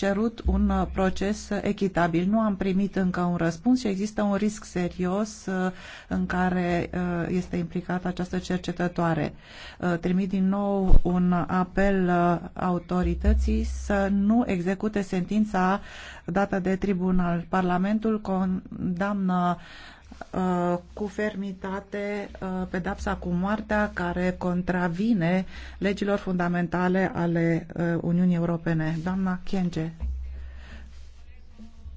cerut un uh, proces echitabil. Nu am primit încă un răspuns și există un risc serios uh, în care uh, este implicată această cercetătoare. Trimit din nou un apel autorității să nu execute sentința dată de tribunal. Parlamentul condamnă Uh, cu fermitate uh, pedapsa cu moartea care contravine legilor fundamentale ale uh, Uniunii Europene. Doamna Chienge.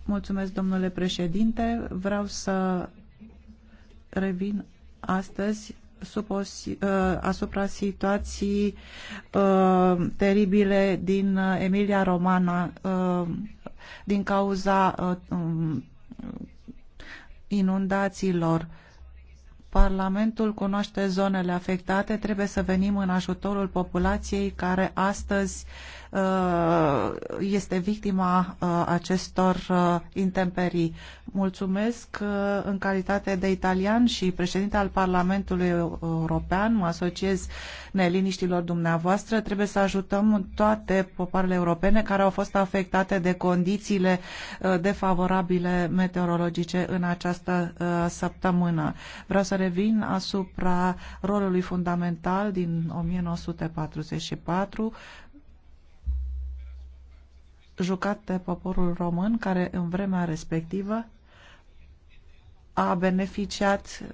Mulțumesc, domnule președinte. Vreau să revin astăzi asupra situației teribile din Emilia Romana din cauza um, inundațiilor Parlamentul cunoaște zonele afectate, trebuie să venim în ajutorul populației care astăzi uh, este victima uh, acestor uh, intemperii. Mulțumesc în calitate de italian și președinte al Parlamentului European, mă asociez neliniștilor dumneavoastră, trebuie să ajutăm toate popoarele europene care au fost afectate de condițiile defavorabile meteorologice în această săptămână. Vreau să revin asupra rolului fundamental din 1944 jucat de poporul român care în vremea respectivă a beneficiat uh,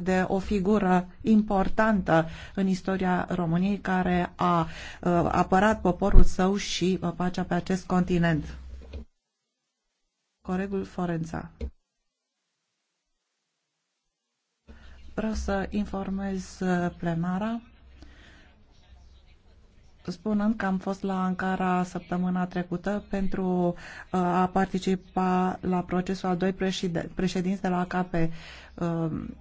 de o figură importantă în istoria României care a uh, apărat poporul său și uh, pacea pe acest continent. Coregul Forența. Vreau să informez uh, plenara spunând că am fost la Ankara săptămâna trecută pentru uh, a participa la procesul a doi președinți de la AKP. Um,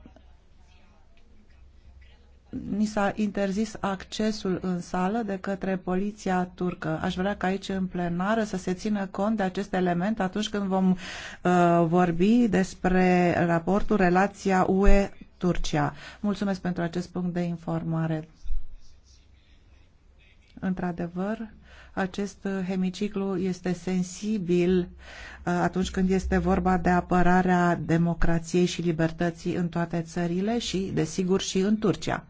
ni s-a interzis accesul în sală de către poliția turcă. Aș vrea ca aici în plenară să se țină cont de acest element atunci când vom uh, vorbi despre raportul relația UE Turcia. Mulțumesc pentru acest punct de informare. Într-adevăr, acest hemiciclu este sensibil uh, atunci când este vorba de apărarea democrației și libertății în toate țările și, desigur, și în Turcia.